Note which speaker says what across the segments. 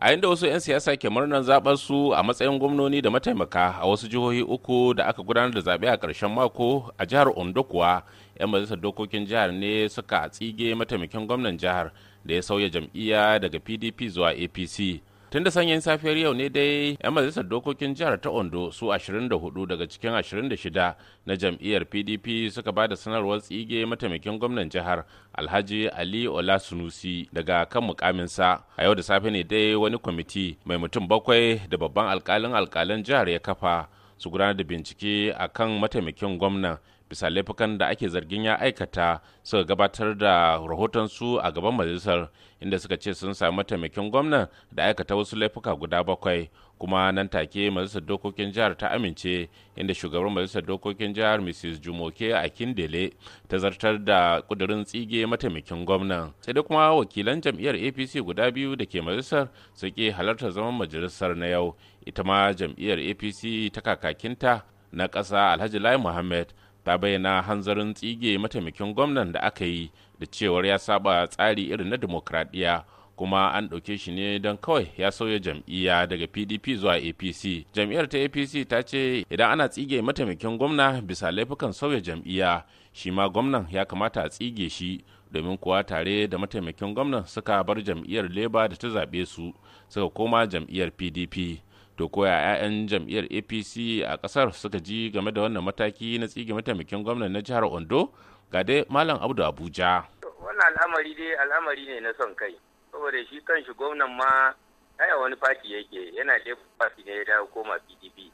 Speaker 1: a inda wasu 'yan siyasa ke murnar zaɓar su a matsayin gwamnoni da mataimaka a wasu jihohi uku da aka gudanar da zaɓe a ƙarshen mako a jihar ondo kuwa 'yan majalisar dokokin jihar ne suka tsige mataimakin gwamnan jihar da ya sauya jam'iyya daga pdp zuwa apc tun da sanyin safiyar yau ne dai 'yan majalisar dokokin jihar ta ondo su 24 daga cikin 26 na jam'iyyar pdp suka ba da sanarwar tsige mataimakin gwamnan jihar alhaji ali Ola olasunusi daga kan mukaminsa a yau da safe ne dai wani kwamiti mai mutum bakwai da babban alkalin alkalin jihar ya kafa su gudanar da bincike a kan mataimakin gwamnan bisa laifukan da ake zargin ya aikata suka gabatar da rahotonsu a gaban majalisar inda suka ce sun sami mataimakin gwamnan da aikata wasu laifuka guda bakwai kuma nan take majalisar dokokin jihar ta amince inda shugaban majalisar dokokin jihar mrs jumoke a kindele ta zartar da kudirin tsige mataimakin gwamnan sai da kuma wakilan jam'iyyar apc guda biyu da ke majalisar su ke halartar zaman majalisar na yau ita ma jam'iyyar apc ta kakakinta na ƙasa alhaji lai muhammed. ta bayyana hanzarin tsige mataimakin gwamnan da aka yi da cewar ya saba tsari irin na demokradiyya kuma an ɗauke shi ne don kawai ya sauya jam'iyya daga pdp zuwa apc jam'iyyar ta apc ta ce idan ana tsige mataimakin gwamna bisa laifukan sauya jam'iyya shi ma gwamnan ya kamata a tsige shi domin kuwa tare da mataimakin gwamnan suka bar jam'iyyar leba da ta zaɓe su suka koma jam'iyyar pdp to koya 'ya'yan jam'iyyar apc a ƙasar suka ji game da wannan mataki na tsige mataimakin gwamnan na jihar ondo ga dai malam abdu abuja
Speaker 2: wannan al'amari dai al'amari ne na son kai saboda shi kan shi gwamnan ma aya wani fati yake yana dai fati ne ya dawo koma pdp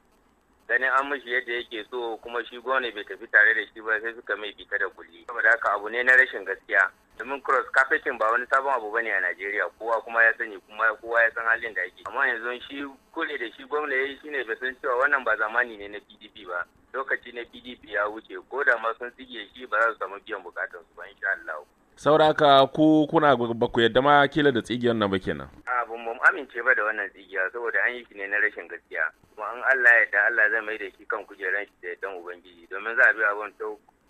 Speaker 2: ganin an mishi yadda yake so kuma shi gwamna bai tafi tare da shi ba sai suka mai fita da kulli saboda haka abu ne na rashin gaskiya domin cross carpeting ba wani sabon abu bane a Najeriya kowa kuma ya sani kuma kowa ya san halin da ake amma yanzu shi kule da shi gwamna yayi shine bai san cewa wannan ba zamani ne na PDP ba lokaci na PDP ya wuce ko da ma sun tsige shi ba za su samu biyan bukatun su ba insha Allah
Speaker 1: saboda haka ku kuna ba ku yadda ma kila da tsigiyar nan ba kenan
Speaker 2: amince ba da wannan tsigiya saboda an yi shi ne na rashin gaskiya kuma an Allah ya da Allah zai mai da shi kan kujeran shi da dan ubangiji domin za a bi abin ta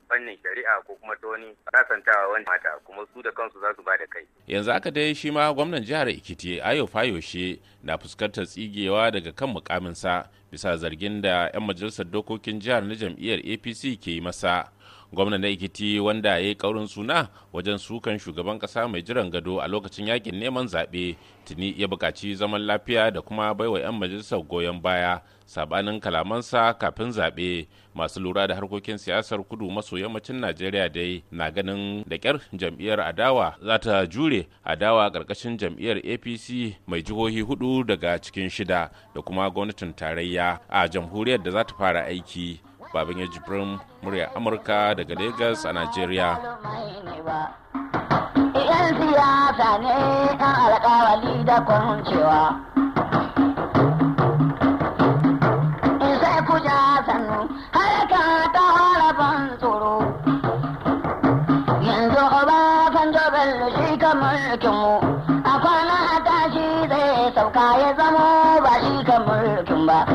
Speaker 2: fannin shari'a ko kuma ta wani sasantawa wani mata kuma su da kansu za su ba da kai.
Speaker 1: Yanzu aka dai shi ma gwamnan jihar Ekiti Ayo Fayoshe na fuskantar tsigewa daga kan mukaminsa bisa zargin da 'yan majalisar dokokin jihar na jam'iyyar APC ke yi masa. gwamnan na ikiti wanda ya yi kaurin suna wajen sukan shugaban kasa mai jiran gado a lokacin yakin neman zaɓe tuni ya buƙaci zaman lafiya da kuma baiwa 'yan majalisar goyon baya sabanin kalamansa kafin zaɓe masu lura da harkokin siyasar kudu maso yammacin najeriya dai na ganin da ƙyar jam'iyyar adawa za ta jure adawa ƙarƙashin jam'iyyar apc mai jihohi hudu daga cikin shida da kuma gwamnatin tarayya a jamhuriyar da za ta fara aiki baban ya jibrin murya amurka daga Legas a Najeriya.
Speaker 2: yan siyasa ne yan alkawali da kwancewa sai ku ja sannu haraka ta harafan tsoro yanzu ba kan jobel shi ka mulkinmu a kwana a tashi zai sauka ya zama ba shi ka mulkin ba